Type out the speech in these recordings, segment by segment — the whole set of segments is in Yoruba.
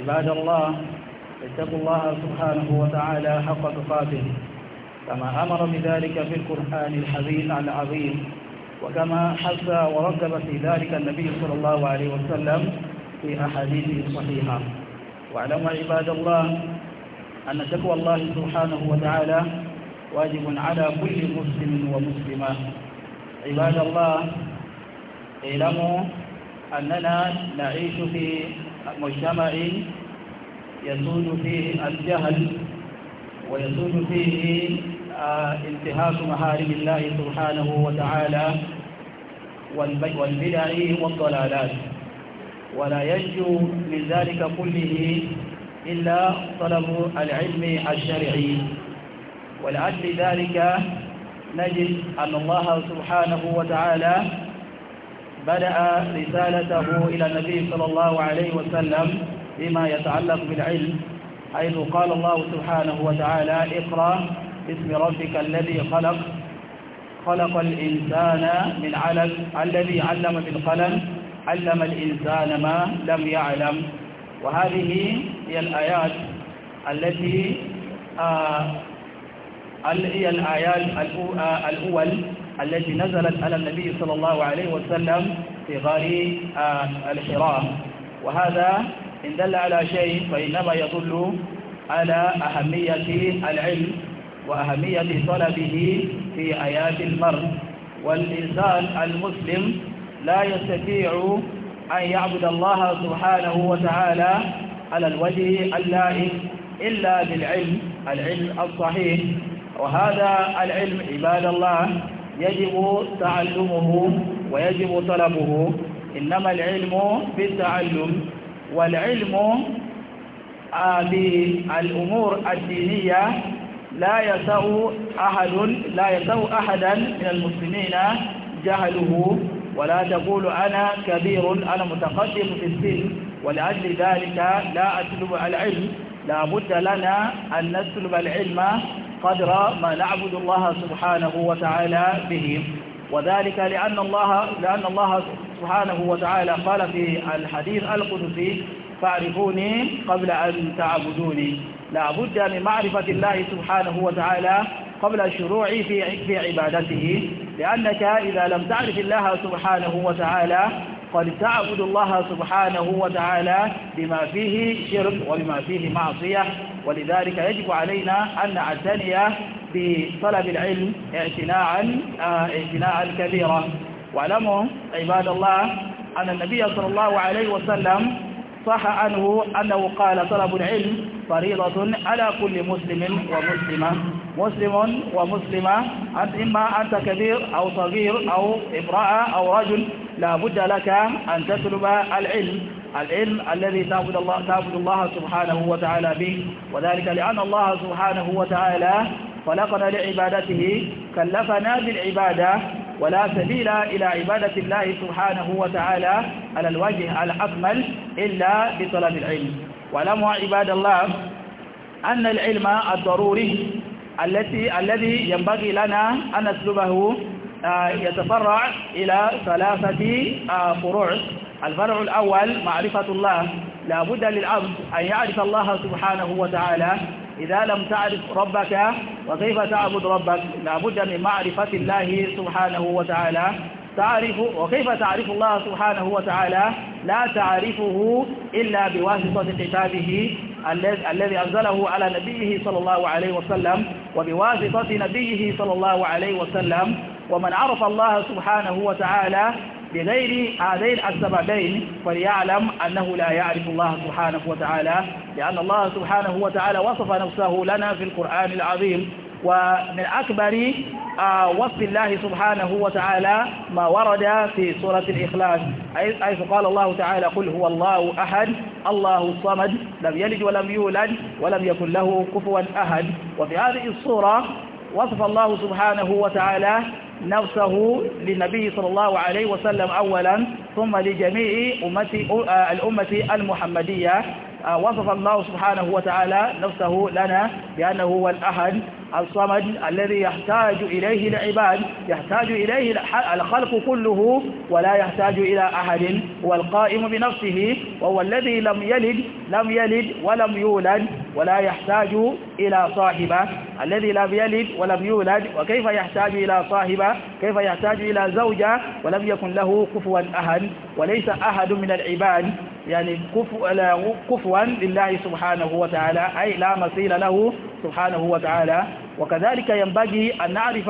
عباد الله اتقوا الله سبحانه وتعالى حق تقاته كما أمر بذلك في القرآن الحبيب العظيم وكما حث ورغب في ذلك النبي صلى الله عليه وسلم في أحاديثه الصحيحة واعلموا عباد الله أن تقوى الله سبحانه وتعالى واجب على كل مسلم ومسلمة عباد الله اعلموا أننا نعيش في مجتمع يسود فيه الجهل ويسود فيه آه، انتهاك محارم الله سبحانه وتعالى والبدع والضلالات ولا ينجو من ذلك كله إلا طلب العلم الشرعي ولعدل ذلك نجد أن الله سبحانه وتعالى بدأ رسالته إلى النبي صلى الله عليه وسلم بما يتعلق بالعلم حيث قال الله سبحانه وتعالى اقرأ باسم ربك الذي خلق خلق الإنسان من علم الذي علم بالقلم علم الإنسان ما لم يعلم وهذه هي الآيات التي آه هي الآيات آه، الأول التي نزلت على النبي صلى الله عليه وسلم في غار الحراء وهذا إن دل على شيء فإنما يدل على أهمية العلم وأهمية طلبه في حياة المرء والإنسان المسلم لا يستطيع أن يعبد الله سبحانه وتعالى على الوجه اللائق إلا بالعلم العلم الصحيح وهذا العلم عباد الله يجب تعلمه ويجب طلبه إنما العلم بالتعلم والعلم آه، بالأمور الدينية لا يسوء أحد لا يسوء أحدا من المسلمين جهله ولا تقول أنا كبير أنا متقدم في السن ولأجل ذلك لا أسلب العلم لا بد لنا أن نسلب العلم قدر ما نعبد الله سبحانه وتعالى به وذلك لأن الله, لأن الله سبحانه وتعالى قال في الحديث القدسي فاعرفوني قبل أن تعبدوني لا بد من معرفة الله سبحانه وتعالى قبل الشروع في في عبادته لأنك إذا لم تعرف الله سبحانه وتعالى قد تعبد الله سبحانه وتعالى بما فيه شرك وبما فيه معصية ولذلك يجب علينا أن نعتني بطلب العلم اعتناعا آه، اعتناعا كبيرا واعلموا عباد الله أن النبي صلى الله عليه وسلم صح عنه أنه قال طلب العلم فريضة على كل مسلم ومسلمة مسلم ومسلمة أنت إما أنت كبير أو صغير أو امرأة أو رجل لا بد لك أن تطلب العلم العلم الذي تعبد الله, تعبد الله سبحانه وتعالى به وذلك لأن الله سبحانه وتعالى خلقنا لعبادته كلفنا بالعبادة ولا سبيل إلى عبادة الله سبحانه وتعالى على الوجه الأكمل إلا بطلب العلم واعلموا عباد الله أن العلم الضروري التي الذي ينبغي لنا أن نسلبه آه، يتفرع إلى ثلاثة آه، فروع الفرع الأول معرفة الله لا بد للعبد أن يعرف الله سبحانه وتعالى إذا لم تعرف ربك وكيف تعبد ربك لا بد من معرفة الله سبحانه وتعالى تعرف وكيف تعرف الله سبحانه وتعالى لا تعرفه إلا بواسطة كتابه الذي أنزله على نبيه صلى الله عليه وسلم وبواسطة نبيه صلى الله عليه وسلم ومن عرف الله سبحانه وتعالى بغير هذين السببين فليعلم أنه لا يعرف الله سبحانه وتعالى لأن الله سبحانه وتعالى وصف نفسه لنا في القرآن العظيم ومن أكبر آه، وصف الله سبحانه وتعالى ما ورد في سورة الإخلاص حيث قال الله تعالى قل هو الله أحد الله الصمد لم يلد ولم يولد ولم يكن له كفوا أحد وفي هذه الصورة وصف الله سبحانه وتعالى نفسه للنبي صلى الله عليه وسلم أولا ثم لجميع الأمة المحمدية آه، وصف الله سبحانه وتعالى نفسه لنا بأنه هو الأحد الصمد الذي يحتاج إليه العباد يحتاج إليه الخلق كله ولا يحتاج إلى أحد هو القائم بنفسه وهو الذي لم يلد لم يلد ولم يولد ولا يحتاج إلى صاحبه الذي لم يلد ولم يولد وكيف يحتاج إلى صاحبه كيف يحتاج إلى زوجة ولم يكن له كفوا أحد وليس أحد من العباد يعني كفوا لله سبحانه وتعالى أي لا مثيل له سبحانه وتعالى وكذلك ينبغي أن نعرف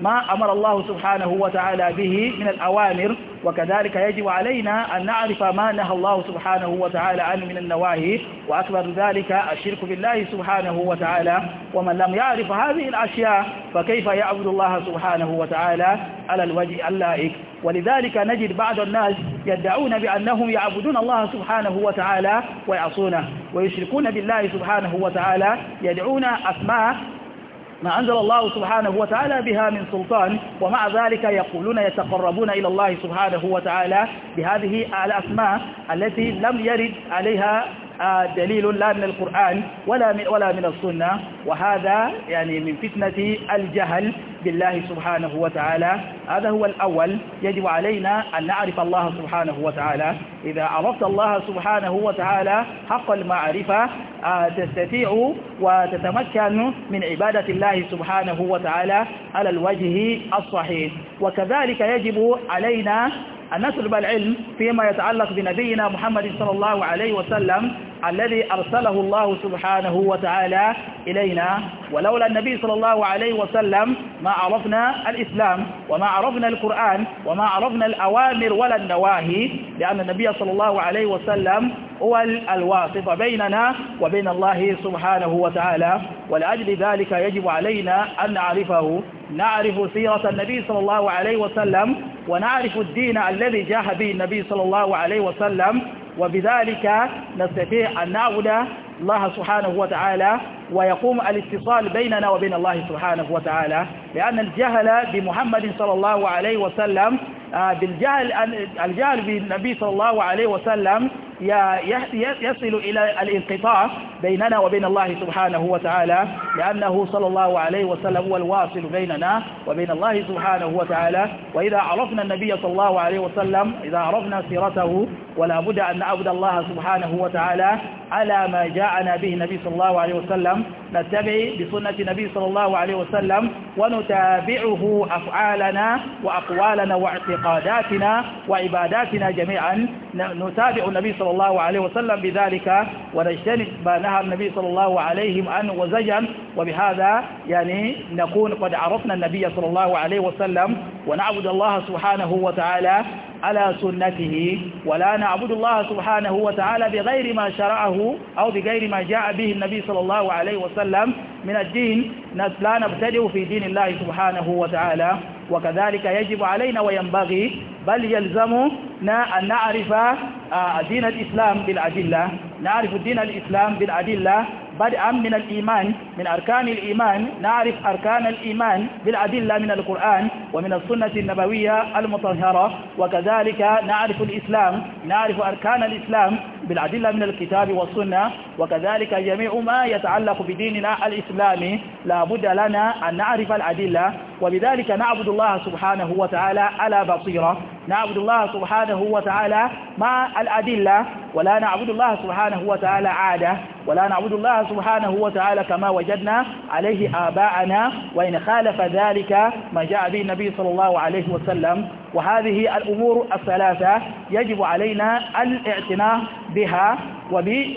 ما أمر الله سبحانه وتعالى به من الأوامر وكذلك يجب علينا أن نعرف ما نهى الله سبحانه وتعالى عنه من النواهي وأكبر ذلك الشرك بالله سبحانه وتعالى ومن لم يعرف هذه الأشياء فكيف يعبد الله سبحانه وتعالى على الوجه اللائق ولذلك نجد بعض الناس يدعون بأنهم يعبدون الله سبحانه وتعالى ويعصونه ويشركون بالله سبحانه وتعالى يدعون أسماء ما أنزل الله سبحانه وتعالى بها من سلطان ومع ذلك يقولون يتقربون إلى الله سبحانه وتعالى بهذه الأسماء التي لم يرد عليها آه، دليل لا من القرآن ولا من, ولا من السنة وهذا يعني من فتنة الجهل بالله سبحانه وتعالى هذا هو الأول يجب علينا أن نعرف الله سبحانه وتعالى إذا عرفت الله سبحانه وتعالى حق المعرفة آه، تستطيع وتتمكن من عبادة الله سبحانه وتعالى على الوجه الصحيح وكذلك يجب علينا أن نسلب العلم فيما يتعلق بنبينا محمد صلى الله عليه وسلم الذي أرسله الله سبحانه وتعالى إلينا ولولا النبي صلى الله عليه وسلم ما عرفنا الإسلام وما عرفنا القرآن وما عرفنا الأوامر ولا النواهي لأن النبي صلى الله عليه وسلم هو الواسطة بيننا وبين الله سبحانه وتعالى ولأجل ذلك يجب علينا أن نعرفه نعرف سيرة النبي صلى الله عليه وسلم ونعرف الدين الذي جاء به النبي صلى الله عليه وسلم وبذلك نستطيع أن نعبد الله سبحانه وتعالى ويقوم الاتصال بيننا وبين الله سبحانه وتعالى لأن الجهل بمحمد صلى الله عليه وسلم آه، بالجهل الجهل بالنبي صلى الله عليه وسلم يصل إلى الانقطاع بيننا وبين الله سبحانه وتعالى لأنه صلى الله عليه وسلم هو الواصل بيننا وبين الله سبحانه وتعالى وإذا عرفنا النبي صلى الله عليه وسلم إذا عرفنا سيرته ولا بد أن نعبد الله سبحانه وتعالى على ما جاءنا به النبي صلى الله عليه وسلم نتبع بسنة النبي صلى الله عليه وسلم ونتابعه أفعالنا وأقوالنا واعتقاداتنا وعباداتنا جميعا نتابع النبي صلى صلى الله عليه وسلم بذلك ونجتنب ما نهى النبي صلى الله عليه عنه وزجا وبهذا يعني نكون قد عرفنا النبي صلى الله عليه وسلم ونعبد الله سبحانه وتعالى على سنته ولا نعبد الله سبحانه وتعالى بغير ما شرعه أو بغير ما جاء به النبي صلى الله عليه وسلم من الدين لا نبتدئ في دين الله سبحانه وتعالى وكذلك يجب علينا وينبغي بل يلزمنا أن نعرف آه، دين الإسلام بالأدلة نعرف دين الإسلام بالأدلة بدءا من الإيمان من أركان الإيمان نعرف أركان الإيمان بالأدلة من القرآن ومن السنة النبوية المطهرة وكذلك نعرف الإسلام نعرف أركان الإسلام بالأدلة من الكتاب والسنة وكذلك جميع ما يتعلق بديننا الإسلامي لابد لنا أن نعرف الأدلة وبذلك نعبد الله سبحانه وتعالى على بصيرة نعبد الله سبحانه وتعالى مع الأدلة ولا نعبد الله سبحانه وتعالى عادة ولا نعبد الله سبحانه وتعالى كما وجدنا عليه آباءنا وإن خالف ذلك ما جاء به النبي صلى الله عليه وسلم وهذه الأمور الثلاثة يجب علينا الاعتناء بها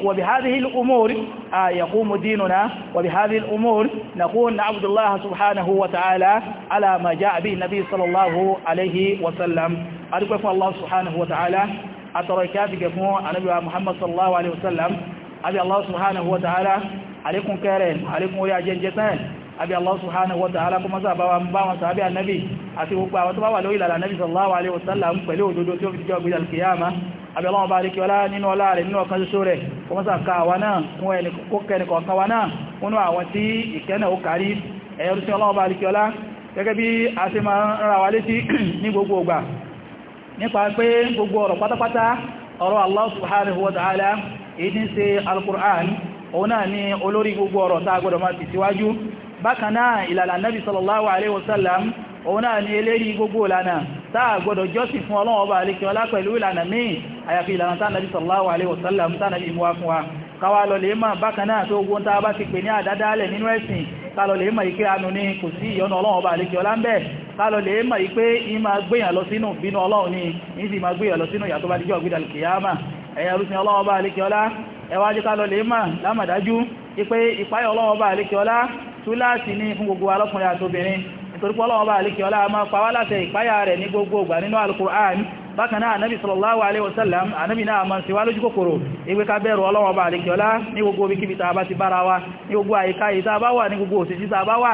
وبهذه الأمور آه، يقوم ديننا وبهذه الأمور نقول نعبد الله سبحانه وتعالى على ما جاء به النبي صلى الله عليه وسلم أدوكم الله سبحانه وتعالى أتركاتك فمو النبي محمد صلى الله عليه وسلم أبي الله سبحانه وتعالى عليكم كارين عليكم ولي أجنجتان أبي الله سبحانه وتعالى كما سأبوا أنباوا سأبي النبي أتبقى وتبقى لو إلى النبي صلى الله عليه وسلم فلو دودو تيوب تجاوب إلى القيامة àbí ọlọ́wọ́ bá rí kí ọlá nínú ọlá rẹ̀ nínú ọkàn ṣoṣo rẹ̀ kó mọ́sà ká wà náà fún ẹnìkọ̀ọ̀kan wà náà nínú àwọn tí ìkẹ́nà ó kárí ẹ̀yọ́rú sí ọlọ́wọ́ bá rí kí ọlá gẹ́gẹ́ bí a ṣe máa ń ra wa létí ní gbogbo ọgbà nípa pé gbogbo ọ̀rọ̀ pátápátá ọ̀rọ̀ Allah subhanahu wa ta'ala èdè ń al-Qur'an òun ni olórí gbogbo ọ̀rọ̀ tá a gbọ́dọ̀ máa ti síwájú ìlànà nabi sallallahu alaihi wasallam òun ni eléri gbogbo ìlànà tá a gbọ́dọ̀ jọ́sìn fún nabi sallallahu alaihi wasallam nabi mú káwà lọ lè máa bákan náà tó ogun tàbá ti pè ní àdádálẹ̀ nínú ẹ̀sìn kálọ lè máa ike anú ní kò sí ìyọ́nà ọlọ́run ọba àlékẹ́ ọlá ń bẹ kálọ lè máa ipé ìmá gbéyàn lọ sínú bínú ọlọ́run ní ìsì máa gbéyàn lọ sínú ìyàtọ̀ bá díjọ́ gbídàlì kìyàmà ẹ̀yà rúsìn ọlọ́run ọba àlékẹ́ ọlá ẹwà jẹ́ kálọ lè máa lámàdájú ipé ìpáyọ̀ ọlọ́run ọba bákanáà anábì sallallahu alaihi wasallam anábì náà ma ń ṣe wá lójú kòkòrò ìwé ká bẹ̀rù ọlọ́wọ́ bá àríkẹ́ọlá ní gbogbo orí kíbi tàbá ti bára wa ní gbogbo àyíká ìtàbá wà ní gbogbo òsìsí tàbá wà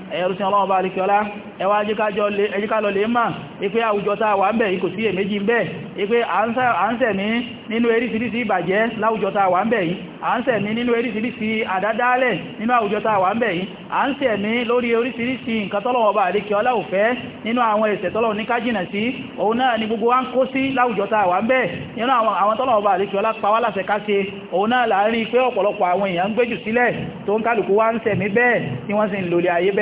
ẹ̀rùsìn ọlọ́wọ́ bá alikọ́lá ẹwà ẹjíká lọ lè máa ipé àwùjọ tàà wà ń bẹ̀ ikò sí èméjì ń bẹ̀ ipé à ń sẹ̀mí nínú eríṣiríṣi ìbàjẹ́ láwùjọ tàà wà ń bẹ̀ yìí à ń sẹ̀mí nínú eríṣiríṣi àdádálẹ̀ nínú àwùjọ tàà wà ń bẹ̀ yìí à ń sẹ̀mí lórí oríṣiríṣi nǹkan tọ́lọ̀wọ́ bá alikọ́lá nínú àwọn tọ́lọ̀ ní kájìnà sí òun náà ni gbogbo wa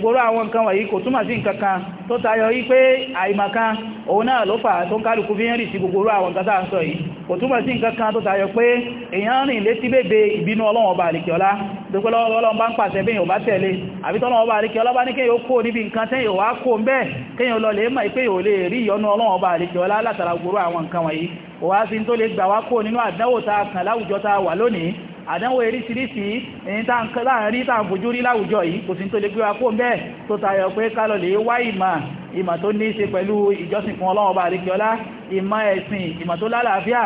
gbogbo àwọn nǹkan wọ̀nyí kò túmọ̀ sí nǹkan kan tó tayọ yí pé àìmọ̀kan òun náà ló fà tó ń kálukú bí ń rì sí gbogbo àwọn nǹkan tàà ń sọ yìí kò túmọ̀ sí nǹkan kan tó tayọ pé èèyàn rìn létí bèbè ìbínú ọlọ́run ọba àríkẹ́ọlá dókó lọ́lọ́run bá ń pàṣẹ bí yóò bá tẹ̀lé àbí tọ́lọ́run ọba àríkẹ́ọlá àdánwò eríṣiríṣi èyí láàrin tàà fojú rí láwùjọ yìí kò sí tó lè gbé wa kó bẹ́ẹ̀ tó tayọ pé kálọ̀ lè wá ìmọ̀ ìmọ̀ tó ní í ṣe pẹ̀lú ìjọsìn fún Ọlọ́run ọba àríkíọlá ìmọ̀ ẹ̀sìn ìmọ̀ tó lálàáfíà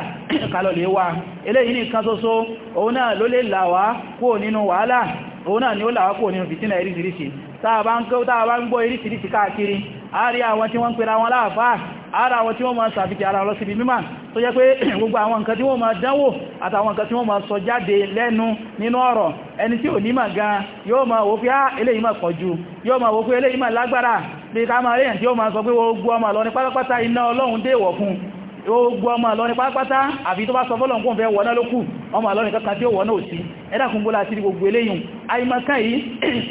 kálọ̀ lè wá eléyìí nìkan ṣoṣo òun náà ló lè là wá kúrò nínú wàhálà òun náà ni ó là wá kúrò nínú fìtínà eríṣiríṣi tá a bá ń gbọ́ eríṣiríṣi káàkiri a rí àwọn tí wọ́n ń pera wọn láàfáà ara àwọn tí wọ́n máa sàfikì ara lọ síbi mímọ̀ tó jẹ́ pé gbogbo àwọn nǹkan tí wọ́n máa dánwò àtàwọn nǹkan tí wọ́n máa sọ jáde lẹ́nu nínú ọ̀rọ̀ ẹni tí ò nímọ̀ gan yóò máa wò pé á ah, eléyìí máa kọjú yóò máa wò pé eléyìí máa lágbára bí ká máa ríyàn tí ó máa sọ pé gbogbo ọmọ lọ ní pátápátá iná ọlọ́run déèwọ̀ fún gbogbo ọmọ lọ ní pátápátá àfi tó bá sọ fọ́lọ̀ ń kún fẹ́ wọ́ná lókù ọmọ lọ kankan tí ó wọ́ná òsí ẹ̀dàkùngbó láti gbogbo eléyìí àìmọ̀kan yìí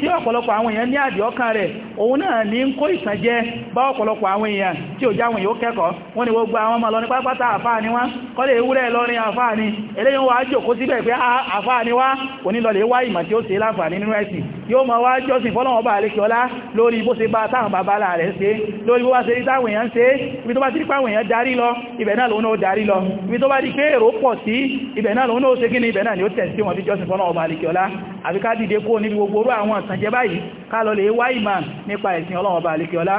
tí ọ̀pọ̀lọpọ̀ àwọn èèyàn ní àdìọ́kàn rẹ̀ òun náà ní ń kó ìsànjẹ bá ọ̀pọ̀lọpọ̀ àwọn èèyàn tí ò jáwọn èèyàn kẹ́kọ̀ọ́ wọ́n ní gbogbo àwọn ọmọ lọ ní pátápátá àfáà ni wá kọ́lé ewúrẹ́ ni eléyìn wá jòkó síbẹ̀ pé àfáà ni wá kò ní lọlẹ̀ wá ìmọ̀ tí ó ṣe láǹfààní nínú ẹ̀sìn yóò máa wá jọ́sìn fọ́lọ́wọ́ bá àlékẹ́ ọlá lórí bó ṣe ni ibẹ̀ náà ni ó tẹ̀ sí wọn bí dìde kó níbi gbogbo orú àwọn àtànjẹ báyìí ká lọ lè wá ìmọ̀ nípa ẹ̀sìn ọlọ́run bá àlékiọlá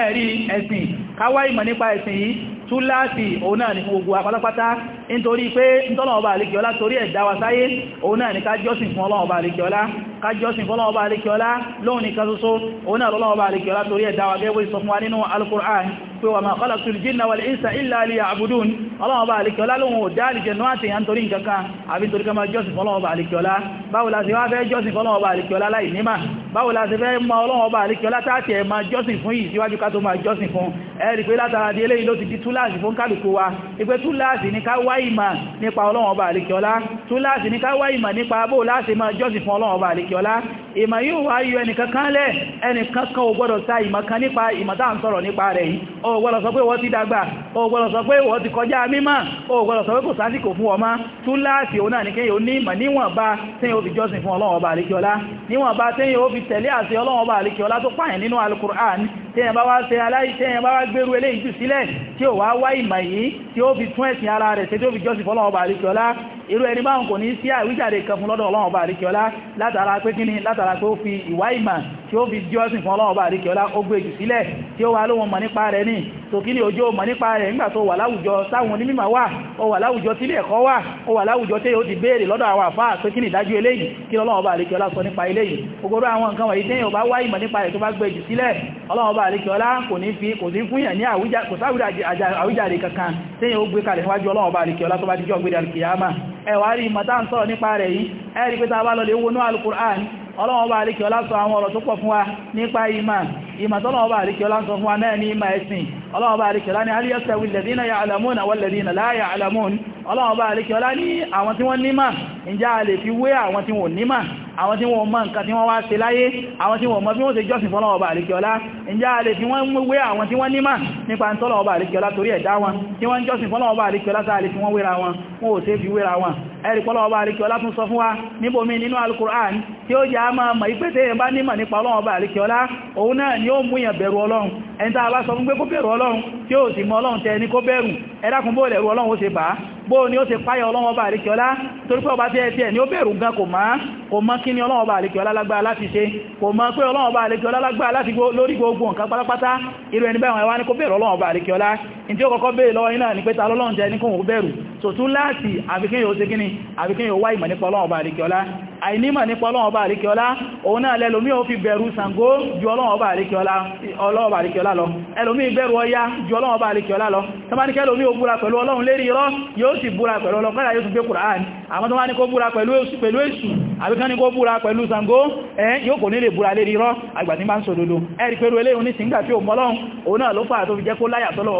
ẹ̀rí ẹ̀sìn ká wá ìmọ̀ nípa ẹ̀sìn yìí túláàsì òun náà ni gbogbo àpátápátá nítorí pé ń tọ́lọ̀ọ̀bà torí ẹ̀dá sáyé òun náà ká jọ́sìn fún ọlọ́run bá àlékiọlá kájọ́sìn fọ́lọ́wọ́ bá alékiọlá lóhun nìkan ṣoṣo òun náà lọ́lọ́wọ́ bá alékiọlá torí ẹ̀dá wa gẹ́gbé sọ fún wa nínú al-Qur'an pé wa ma khalaqtul jinna wal insa illa liya'budun ọlọ́wọ́ bá alékiọlá lóhun ò dáàlì jẹ̀ náà tèyàn torí nǹkan kan àbí torí kama jọ́sìn fọ́lọ́wọ́ bá alékiọlá báwo la ṣe wá fẹ́ jọ́sìn fọ́lọ́wọ́ bá alékiọlá láì nímà báwo la ṣe fẹ́ mọ̀ ọlọ́wọ́ bá alékiọlá ní àlejọ́lá ìmọ̀ yíò wá yọ ẹnìkan kan lẹ́ ẹnìkan kan ò gbọ́dọ̀ sa ìmọ̀ kan nípa ìmọ̀tá sọ̀rọ̀ nípa rẹ̀ yìí o gbọ́dọ̀ sọ pé wọ́n ti dàgbà o gbọ́dọ̀ sọ pé wọ́n ti kọjá mímọ̀ o gbọ́dọ̀ sọ pé kò sásìkò fún ọmọ tún láàfì òun náà ní kéyìn ó ní ìmọ̀ níwọ̀nba tí yóò fi jọ́sìn fún ọlọ́run ọba àlekíọlá níwọ̀nba tí yóò fi tẹ̀lé alukur'an tí yẹn bá wá ṣe aláìsí yẹn bá wá gbérú eléyìí jù sílẹ̀ tí ó wá wá ìmọ̀ yìí tí ó fi tún ẹ̀sìn ara irú ẹni báwọn kò ní sí àwíjàre kan fún lọ́dọ̀ ọlọ́run ọba àríkíọlá látara pé kíni látara pé ó fi ìwà ìmọ̀ tí ó fi jọ́sìn fún ọlọ́wọ́ bá àríkẹ́ ọlá ó gbé jù sílẹ̀ tí ó wà lóhun mọ̀ nípa rẹ̀ ní tó kí ní ojú mọ̀ nípa rẹ̀ nígbà tó wà láwùjọ sáwọn onímọ̀ wà ó wà láwùjọ tí ẹ̀kọ́ wà ó wà láwùjọ tí ó ti béèrè lọ́dọ̀ àwọn ni ìdájú eléyìí kí ọlọ́wọ́ bá àríkẹ́ ọlá sọ nípa eléyìí ogoro àwọn nǹkan wọ̀nyí tẹ́yìn ọba wá ìmọ̀ nípa rẹ̀ tó bá gbé jù sílẹ̀ ọlọ́wọ́ bá àríkẹ́ ọlá kò ní fi kò sí fún yàn ní àwíjàre kankan tẹ́yìn ó gbé kalẹ̀ níwájú ọlọ́wọ́ bá àríkẹ́ ọlá tó bá dijọ́ gbé dàrú kìyàmá ẹ̀wà rí ìmọ̀ tá ń sọ̀rọ̀ nípa rẹ̀ yìí ẹ̀rí pé tá a bá lọ lè wọnú alukur'an ọlọ́wọ́n bá àríkẹ́ ọlá sọ àwọn ọ̀rọ̀ tó pọ̀ fún wa nípa ìmà ìmà tọ́lọ́wọ́n bá àríkẹ́ ọlá sọ fún wa náà ní ìmà ẹ̀sìn ọlọ́wọ́n bá àríkẹ́ ọlá ní aliyasta wìlẹ̀dínà ya alamun awọ́lẹ̀dínà láyà alamun ọlọ́wọ́n bá àríkẹ́ ọlá ní àwọn tí wọ́n nímà àwọn tí wọ́n mọ̀ nǹkan tí wọ́n wá ṣe láyé àwọn tí wọ́n mọ̀ bí wọ́n ṣe jọ́sìn fọ́lọ́ọ̀bà àríkẹ́ọlá ìjá alẹ́ tí wọ́n wé àwọn tí wọ́n nímà nípa tọ́lọ̀ọ̀bà àríkẹ́ọlá torí ẹ̀dá wọn tí wọ́n jọ́sìn fọ́lọ́ọ̀bà àríkẹ́ọlá sáà lè fi wọ́n wéra wọn wọn ò tẹ́ fi wéra wọn ẹ̀rì pọ́lọ̀ọ̀bà àríkẹ́ọlá tún sọ fún wa níbòmí ẹ̀ntà bá sọ fún pé kó bẹ̀rù ọlọ́run tí ó sì mọ ọlọ́run tẹ ní kó ẹ̀dàkùn bó lẹ̀rù ọlọ́run ó ṣe bàá bó ni ó ṣe páyà ọlọ́run ọba àríkíọlá torí pé ọba tí ẹ̀ ni ó bẹ̀rù gan kò máa kò mọ̀ kí ni ọlọ́run ọba àríkíọlá lágbára láti ṣe kò mọ̀ pé ọlọ́run ọba àríkíọlá lágbára láti lórí gbogbo nǹkan pátápátá irú ẹni báwọn ẹwà ní tí ó kọ́kọ́ bèèrè lọ́wọ́ iná ní pé ta lọ́lọ́run jẹ́ ní kóhùn bẹ̀rù so tún láti àfikín yóò ṣe gíní àfikín yóò wá ìmọ̀ nípa ọlọ́run ọba àríkíọlá àìnímọ̀ nípa ọlọ́run ọba àríkíọlá òun náà lẹ́lòmí ò fi bẹ̀rù Ṣàngó ju ọlọ́run ọba àríkíọlá lọ ẹlòmí bẹ̀rù Ọya ju ọlọ́run ọba àríkíọlá lọ tó bá ní kẹ́lòmí ò búra pẹ̀lú ọlọ́run lérí irọ́ yóò sì búra pẹ̀lú ọlọ́run kọ́lá yóò tún gbé Kùránì àmọ́ tó bá ní kó búra pẹ̀lú èṣù àbíkán ní kó búra pẹ̀lú Ṣàngó ẹ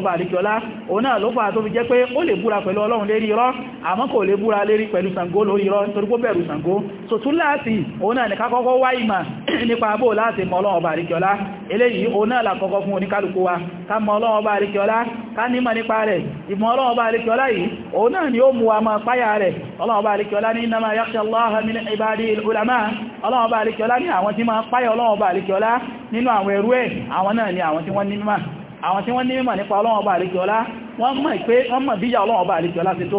yóò àlekíọ́lá òun náà ló fà tó fi jẹ́ pé ó lè búra pẹ̀lú ọlọ́run lérí irọ́ àmọ́ kò lè búra lérí pẹ̀lú Ṣàngó lórí irọ́ nítorí pé bẹ̀rù Ṣàngó so tún láti òun náà nìkan kọ́kọ́ wá ìmà nípa bó láti mọ ọlọ́run ọba àlekíọ́lá eléyìí òun náà làkọ́kọ́ fún oníkálukú wa ká mọ ọlọ́run ọba àlekíọ́lá ká nímọ̀ nípa rẹ̀ ìmọ̀ ọlọ́run ọba àlekíọ́lá yìí òun náà ni ó mú wa máa páyà rẹ̀ ọlọ́run ọba àlekíọ́lá ní innama yakhsha Allaha min ibadihi al-ulama ọlọ́run ọba ni àwọn àwọn tí wọ́n ní mọ̀ nípa ọlọ́wọ́ ọba àríkíọlá wọ́n mọ̀ pé wọ́n mọ̀ bíyà ọlọ́wọ́ ọba àríkíọlá ti tó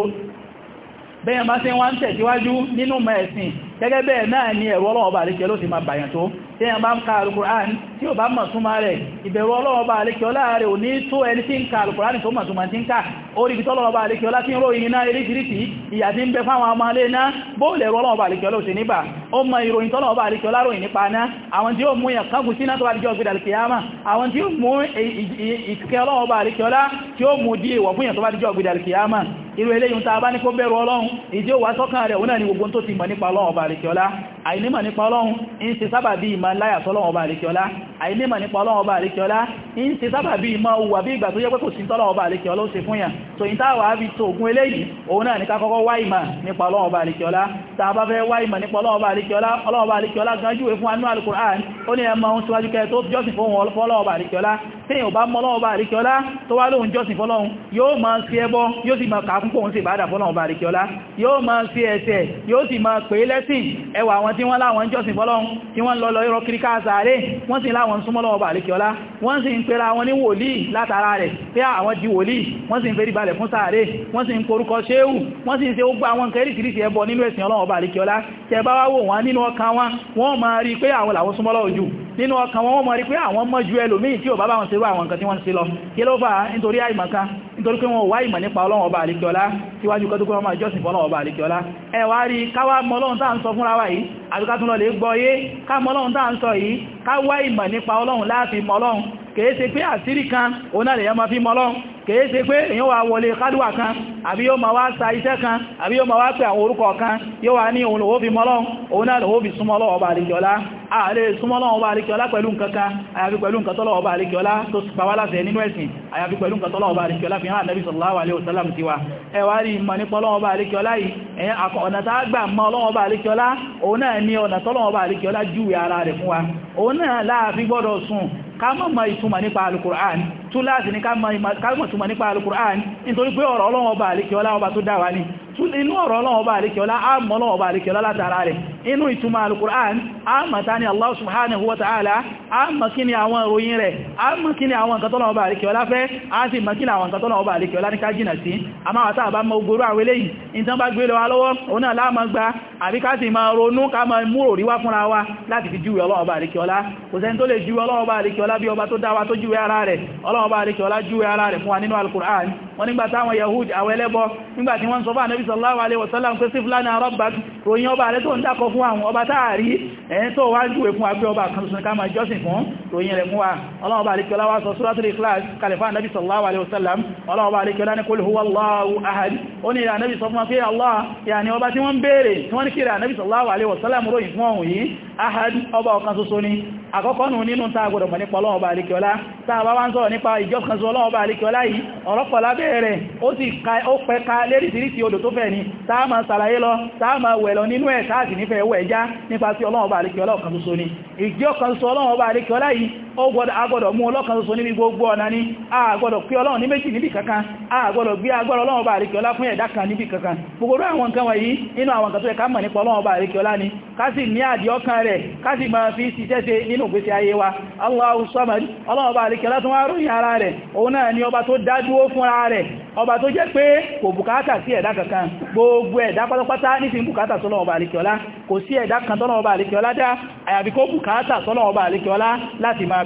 bẹ́yàn bá sí wọ́n tẹ̀síwájú nínú mọ̀ ẹ̀sìn gẹ́gẹ́ bẹ́ẹ̀ náà ni ẹ̀rọ ọlọ́wọ́ ọba àríkíọlá ti máa bàyàn tó tí a bá ń ka alùkùránì tí ó bá mọ̀ súnmọ́ rẹ̀ ìbẹ̀rù ọlọ́ọ̀bá alékiọlá rẹ̀ ò ní tó ẹni tí ń ka alùkùránì tó mọ̀ súnmọ́ tí ń ká orí ibi tọ́lọ́ọ̀bá alékiọlá tí ń ròyìn iná eréjìrìtì ìyà tí ń bẹ fáwọn ọmọ alé náà bóòlẹ̀ ọlọ́ọ̀bá alékiọlá òṣè nígbà ó mọ ìròyìn tọ́lọ́ọ̀bá alékiọlá ròyìn nípa náà àwọn tí ó mú ni gbogbo tó ti mọ̀ nípa alékiọlá àìnímọ̀ nípa ọlọ́run in ṣe sábà bí ìmọ̀ láyà tọ́lọ́wọ́ bá àríkíọlá àìnímọ̀ nípa ọlọ́run bá àríkíọlá in ṣe sábà bí ìmọ̀ òwà bí ìgbà tó yẹ pé kò sí tọ́lọ́wọ́ bá àríkíọlá ó ṣe fún yàn so in táwà bí tó ogun eléyìí òun náà ní ká kọ́kọ́ wá ìmọ̀ nípa ọlọ́run bá àríkíọlá tá a bá fẹ́ wá ìmọ̀ nípa ọlọ́run bá àríkíọlá ọlọ́run bá àríkíọlá gan júwe fún anú alukur'an ó ní ẹmọ ohun síwájú kẹ tó jọ́sìn fún wọn fọ́lọ́run bá àríkíọlá tí èèyàn bá mọ́ ọlọ́run bá àríkíọlá tó wá lóhun jọ́sìn fọ́lọ́run yóò máa fi ẹbọ yóò sì máa kà á ẹwà àwọn tí wọ́n láwọn jọ́sìn fọ́lọ́run tí wọ́n lọ lọ irọ́ kiri káàsàárè wọ́n sì láwọn súnmọ́lọ́wọ́ bà lékiọlá wọ́n sì ń pera wọn ní wòlíì látara rẹ̀ pé àwọn di wòlíì wọ́n sì ń fẹ́rí balẹ̀ fún sàárè wọ́n sì ń korúkọ ṣéhù wọ́n sì ń ṣe ó gba àwọn kẹrì kìrìsì ẹbọ nínú ẹ̀sìn ọlọ́wọ́ bà lékiọlá tẹ bá wá wò wọ́n nínú ọkàn wọn wọ́n máa rí pé àwọn làwọn súnmọ́lọ́wọ́ jù nínú ọkàn wọn wọ́n máa rí pé àwọn mọ́ ju ẹlòmíì tí ò bá bá wọn ṣerú àwọn nǹkan tí wọ́n ń ṣe lọ kí ló fà á nítorí àìmọ̀kan nítorí pé wọn wá ìmọ̀ nípa ọlọ́run ọba àríkíọlá síwájú kọ́dúkọ́ wọn máa jọ́sìn fún ọlọ́run ọba àríkíọlá ẹ wá rí káwà mọ̀ ọlọ́run tàà ń sọ fúnra wa yìí àdúkátún lọ lè gbọ́ yé ká mọ̀ ọlọ́run tàà ń sọ yìí ká wá ìmọ̀ nípa ọlọ́run láàfin mọ̀ ọlọ́run kèé ṣe pé àṣírí kan òun náà lèyàn máa fi mọ̀ ọlọ́run kèé ṣe pé èyàn wà wọlé kádùwà kan àbí yóò máa wá sa iṣẹ́ kan àbí yóò máa wá pé àwọn orúkọ kan yóò wá ní òun lòó fi mọ̀ ọlọ́run òun náà lòó fi súnmọ́ àríkíọlá àfihàn ànábì sallallahu alaihi wasallam tiwa ẹwà rí ìmọ̀ nípa ọlọ́wọ́ bá alékiọlá yìí ẹ̀yẹn ọ̀nà tá gbà mọ́ ọlọ́wọ́ bá alékiọlá òun náà ní ọ̀nà tọ́lọ́wọ́ bá alékiọlá júwe ara rẹ̀ fún wa òun náà láàfin gbọ́dọ̀ sùn ká mọ̀ mọ̀ ìtumọ̀ nípa alukur'an túláàsì ní ká mọ̀ ìtumọ̀ nípa alukur'an nítorí pé ọ̀rọ̀ ọlọ́wọ́ bá alékiọlá ọba tó dá wa ní inú ọ̀rọ̀ ọlọ́wọ́ bá alékiọlá á mọ́ ọlọ́wọ́ bá alékiọlá látara rẹ̀ inú ìtumọ̀ al-Qur'an a mọ̀ ta ni Allah subhanahu wa ta'ala a mọ̀ kí ni àwọn ìròyìn rẹ̀ a mọ̀ kí ni àwọn nǹkan tọ́lọ̀ ọba àríkẹ̀ọ́lá fẹ́ a sì mọ̀ kí ni àwọn nǹkan tọ́lọ̀ ọba àríkẹ̀ọ́lá ní ká jìnà sí a máa wàtà àbá mọ́ ogoro àwọn eléyìí ìtàn bá gbé lọ wá lọ́wọ́ òun náà láàmọ́ gba àbí ká sì máa ronú ká máa múrò ríwá fúnra wa láti fi júwe ọlọ́ọ̀bá àríkẹ̀ọ́lá kò sẹ́ni tó lè júwe ọlọ́ọ̀bá àríkẹ̀ọ́lá bí ọba tó dáwà tó júwe ara rẹ̀ ọlọ́ọ̀bá àríkẹ̀ọ́lá júwe ara rẹ̀ fún wa nínú al-Qur'an nígbà táwọn Yahudi àwọn nígbà tí wọ́n sọ sọ fún àwọn ọba táàrí ẹ̀yìn tó wá júwe fún agbé ọba kan tuntun ká máa jọ́sìn fún ròyìn rẹ̀ fún wa ọlọ́run ọba alékiọlá wá sọ súrátìrì class kalifa nabi sallallahu alaihi wasallam ọlọ́run ọba alékiọlá ní kul huwa Allahu ahad ó ní ìrànàbí sọ fún pé allah yà ní ọba tí wọ́n béèrè tí wọ́n ní kí ìrànàbí sallallahu alaihi wasallam ròyìn fún ọ̀hún yìí ahad ọba ọ̀kan ṣoṣo ni àkọ́kọ́ nù nínú ta gbọdọ̀ mọ̀ nípa ọlọ́run ọba alékiọlá tá a bá wá ń ẹ̀wọ̀ ẹ̀já nípa sí ọlọ́run ọba àríkẹ́ ọlọ́ọ̀kan tó so ni ìjẹ́ ọ̀kan tó so ọlọ́run ọba àríkẹ́ ọlá yìí agbọ́dọ̀ mú ọlọ́kan ṣoṣo níbi gbogbo ọ̀nà ni a gbọ́dọ̀ pé ọlọ́run ní méjì níbi kankan a gbọdọ gbé agbọ́dọ̀ ọlọ́run bá àríkẹ́ọlá fún ẹ̀dá kan níbi kankan gbogbo àwọn nǹkan wọ̀nyí nínú àwọn nǹkan tó yẹ ká mọ̀ nípa ọlọ́run bá àríkẹ́ọlá ni ká ní àdí ọkàn rẹ̀ fi ṣiṣẹ́ ṣe nínú ìgbésí wa Allahu ọlọ́run bá àríkẹ́ọlá tó wá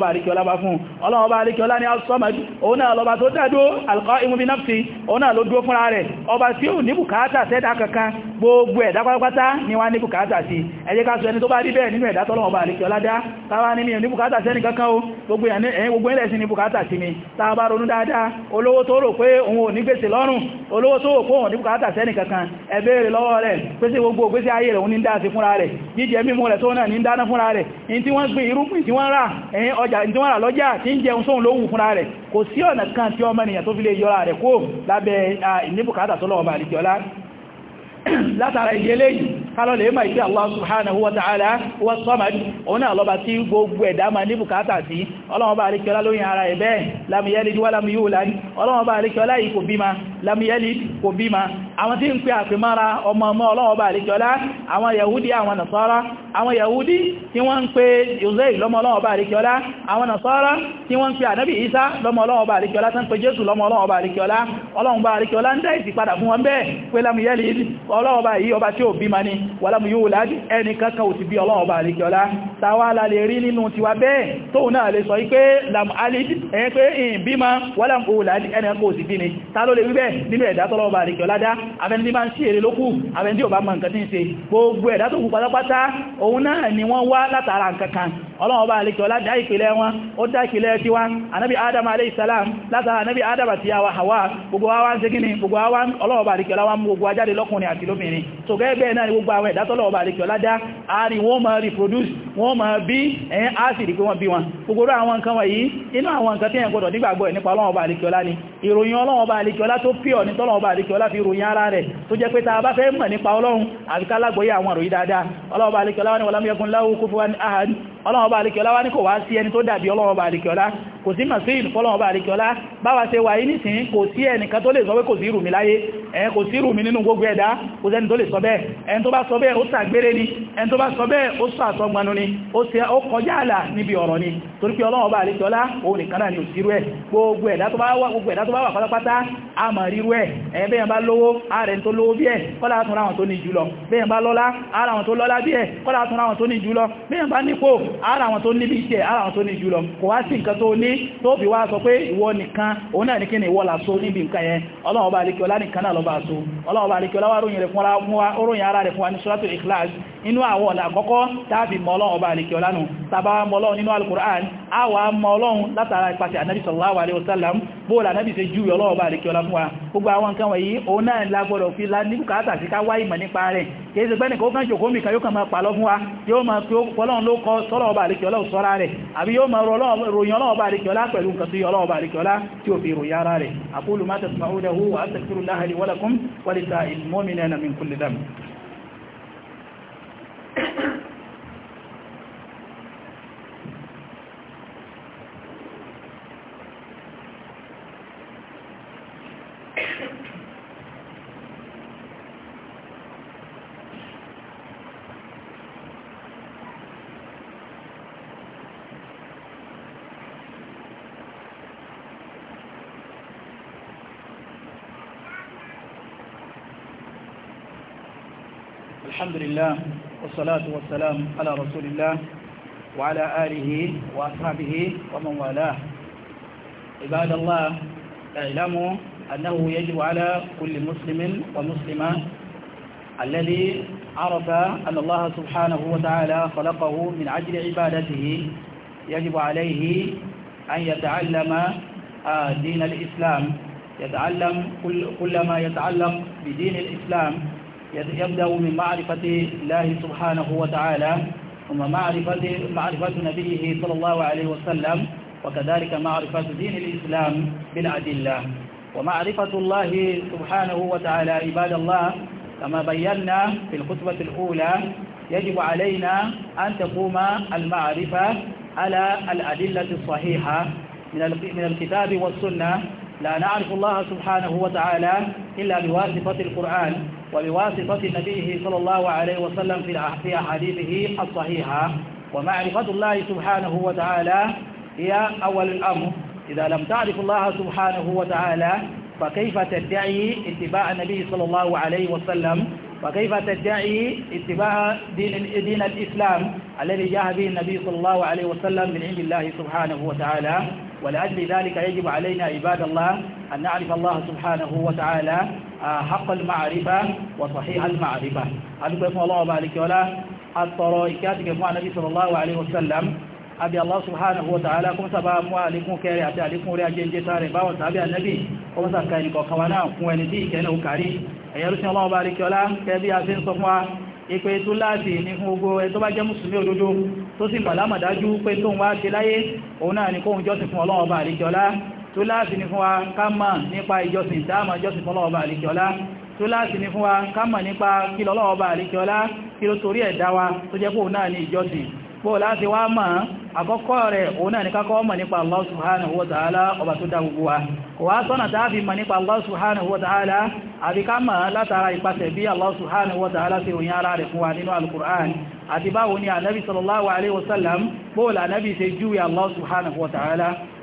ọlọ́ọ̀bá àríkíọlá bá fún ọlọ́ọ̀bá àríkíọlá ní al-Samad òun náà lọba tó dádó al-Qa'imu bi nafsi òun náà ló dúó fúnra rẹ̀ ọba tí ò ní bùkátà sẹ́dá kankan gbogbo ẹ̀dá pátápátá ni wá ní bùkátà sí ẹ jẹ́ ká sọ ẹni tó bá rí bẹ́ẹ̀ mi ò ní bùkátà sẹ́ni kankan o gbogbo ẹ̀yìn gbogbo ilẹ̀ sí ní bùkátà sí mi táwa bá ronú dáadáa olówó tó rò pé òun ò ní gbèsè lọ́rùn olówó tó rò pé òun ò ní bùkátà sẹ́ni kankan ẹ béèrè lọ́wọ́ rẹ̀ pèsè gbogbo ògbésí ayé rẹ̀ òun tí wọ́n gbé irúgbìn tí wọ́n rà ẹ̀yìn ọjà tí wọ́n rà lọ́jà tí ń jẹun sóhun lóhun fúnra rẹ̀ kò sí ọ̀nà kan tí ọmọ ènìyàn tó fi lè yọra rẹ̀ kó lábẹ́ ìníbùkátà tọ́lọ̀ ọba àdìjọ́lá látara ìdí kálọ̀ lè máa ìpé Allah subhanahu wa ta'ala wa samad òun náà lọ́ba tí gbogbo ẹ̀dá ma ní bùkátà sí ọlọ́wọ́n bá alikẹ́lá lóyìn ara ẹ̀ bẹ́ẹ̀ lam yalid wa lam yulad ọlọ́wọ́n bá alikẹ́lá yìí kò bímá lam yalid kò bímá àwọn tí ń pè àpèmára ọmọ ọmọ ọlọ́wọ́n bá alikẹ́lá àwọn yahudi àwọn nasara àwọn yahudi tí wọ́n ń pè yosef lọ́mọ ọlọ́wọ́n bá alikẹ́lá àwọn nasara tí wọ́n ń pè ànábì isa lọ́mọ ọlọ́wọ́n bá tán pè jésù lọ́mọ ọlọ́wọ́n bá alikẹ́lá ọlọ́wọ́n ń dá ìsì fún wọn bẹ́ẹ̀ pé lam yalid yìí ọba tí ò bímá ni wàlámù yóò láti ẹni kankan ò ti bí ọlọ́run ọba àríkẹ́ọlá tàwàlà lè rí nínú tiwa bẹ́ẹ̀ tóun náà lè sọ wípé lam alid ẹ̀yẹn pé ìyìn bí ma wàlámù òun láti ẹni kankan ò ti bí ni ta ló lè wí bẹ́ẹ̀ nínú ẹ̀dá tọ́lọ́run ọba bá ni wọ́n wá ọlọ́wọ́ bá alẹ́kẹ́ ọlá dá ìpìlẹ̀ wọn ó dá ìpìlẹ̀ tí wọ́n anábi adam aleyhisalam látara anábi adam àti àwà hawa gbogbo wa ń ṣe kíni gbogbo wa ọlọ́wọ́ bá alẹ́kẹ́ ọlá wọn gbogbo ajáde lọ́kùnrin àti lóbìnrin so gẹ́gẹ́ reproduce wọn máa bí ẹ̀yìn áàsìdì pé wọ́n bí wọn gbogbo àwọn nǹkan wọ̀nyí inú àwọn nǹkan tí ẹ̀yìn gbọdọ̀ nígbàgbọ́ ẹ̀ nípa ọlọ́wọ́ bá alẹ́kẹ́ ọlá ni ìròyìn ọlọ́wọ́ bá alẹ́kẹ́ ọlá tó pí ọ̀ ní tọ́lọ́wọ́ bá alẹ́kẹ́ ọlá fi ròyìn ara rẹ̀ tó jẹ́ pé ta bá fẹ́ mọ̀ nípa ọlọ́run àbíkálágbóyé àwọn ìròyìn dáadáa ọlọ́wọ́ ọlọ́wọ́ bá alikiola wá ní kò wá sí ẹni tó dàbí ọlọ́wọ́ bá alikiola kò sí masin fọ́lọ́wọ́ bá alikiola báwa ṣe wà ní sín kò sí ẹnìkan tó lè sọ pé kò sí rùmí láyé ẹ̀ kò sí rùmí nínú gbogbo ẹ̀dá ni ẹni ni ó ṣe ó kọjá àlà níbi ọ̀rọ̀ ni torí pé ọlọ́wọ́ bá alikiola òun nìkan náà ni òsirú ẹ̀ gbogbo ẹ̀dá tó bá wà a mọ̀ ríru ẹ̀ ẹ̀ bẹ́ẹ̀ bá lówó ààrẹ tó lówó bí ẹ̀ kọ́lá àtúnra àwọn tó ní jùlọ bẹ́ẹ̀ bá lọ́lá bí ẹ̀ bá nípò ààrẹ ara àwọn tó ní bí iṣẹ́ ara àwọn tó ní jùlọ kò wá sí nǹkan tó ní tó fi wá sọ pé ìwọ nìkan òun náà ní kí ni ìwọ là níbi nǹkan yẹn ọlọ́run alikiola nìkan náà lọ bá so alikiola wá ròyìn rẹ̀ fún wa ara rẹ̀ fún wa ní suratul ikhlas inú àwọn ọ̀nà àkọ́kọ́ tàbí mọ ọlọ́run ọba alikiola nù tàbá mọ ọlọ́run nínú alukur'an a wà mọ ọlọ́run látara ipasẹ̀ anabi sallallahu alaihi wasallam bóòlù anabi ṣe júwe ọlọ́run ọba alikiola fún wa kìí ṣe pẹ́ nìkan ó kàn jòkó mìkan yóò kàn máa pàlọ́ fún wa yóò máa pé ọlọ́run ló kọ sọ́rọ̀ ọba àríkẹ́ọlá sọ́ra rẹ̀ àbí yóò máa ròyìn ọlọ́ọba àríkẹ́ọlá pẹ̀lú nǹkan tí ọlọ́ọba àríkẹ́ọlá tí ó fi ròyìn ara rẹ̀ aqulu ma tasma'unahu wa astaghfirullaha الحمد لله والصلاة والسلام على رسول الله وعلى آله وأصحابه ومن والاه عباد الله اعلموا أنه يجب على كل مسلم ومسلمة الذي عرف أن الله سبحانه وتعالى خلقه من عجل عبادته يجب عليه أن يتعلم آه، دين الإسلام يتعلم كل ما يتعلق بدين الإسلام يبدأ من معرفة الله سبحانه وتعالى ثم معرفة, معرفة نبيه صلى الله عليه وسلم وكذلك معرفة دين الإسلام بالأدلة ومعرفة الله سبحانه وتعالى عباد الله كما بينا في الخطبة الأولى يجب علينا أن تقوم المعرفة على الأدلة الصحيحة من الكتاب والسنة لا نعرف الله سبحانه وتعالى إلا بواسطة القرآن وبواسطة نبيه صلى الله عليه وسلم في أحاديثه الصحيحة ومعرفة الله سبحانه وتعالى هي أول الأمر إذا لم تعرف الله سبحانه وتعالى فكيف تدعي اتباع النبي صلى الله عليه وسلم وكيف تدعي اتباع دين, دين الإسلام الذي جاء به النبي صلى الله عليه وسلم من عند الله سبحانه وتعالى ولأجل ذلك يجب علينا عباد الله أن نعرف الله سبحانه وتعالى حق المعرفة وصحيح المعرفة أدوك اسم الله وبارك ولا أطرى إكاتك مع النبي صلى الله عليه وسلم أبي الله سبحانه وتعالى كم سبا موالكم كاري أتي عليكم ريا جين جتاري باو سابي النبي كم سكاني كوكوانا وكوانتي كأنه كاري أيارس الله وبارك ولا كبي أسين صفوا ìpè tó láti ní fún gbogbo ẹ tó bá jẹ́ mùsùlùmí òdodo tó sì pàlámà dájú pé tóun wá ṣe láyé òun náà ní kóun jọ́sìn fún ọlọ́run ọba àríkẹ́ọlá tó láti ní fún wa ká mọ̀ nípa ìjọsìn dáàmà ìjọsìn fọ́lọ́ọ̀bà àríkẹ́ọlá tó láti ní fún wa ká mọ̀ nípa kí lọ́lọ́ọ̀bà àríkẹ́ọlá kí ló torí ẹ̀dá wa tó jẹ́ pé òun náà ní ìjọsìn bó láti wá mọ̀ àkọ́kọ́ rẹ̀ òun náà ní kákọ́ mọ̀ nípa Allah subhanahu wa ta'ala ọba tó dá gbogbo wa kò wá sọ́nà tàbí mọ̀ nípa Allah subhanahu wa ta'ala àbí ká mọ̀ látara ìpasẹ̀ bí Allah subhanahu wa ta'ala sí òyìn ara rẹ̀ fún wa nínú al-Qur'an àti báwo ni ànábì sallallahu alaihi wasallam bóòlà ànábì ṣe júwe Allah subhanahu wa ta'ala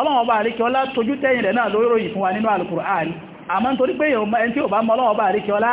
ọlọ́wọ́ bá àríkẹ́ ọlá tójú tẹ́yìn rẹ̀ náà lórí ròyìn fún wa nínú Al-Qur'an àmọ́ nítorí pé ẹni tí ò bá mọ ọlọ́wọ́ bá àríkẹ́ ọlá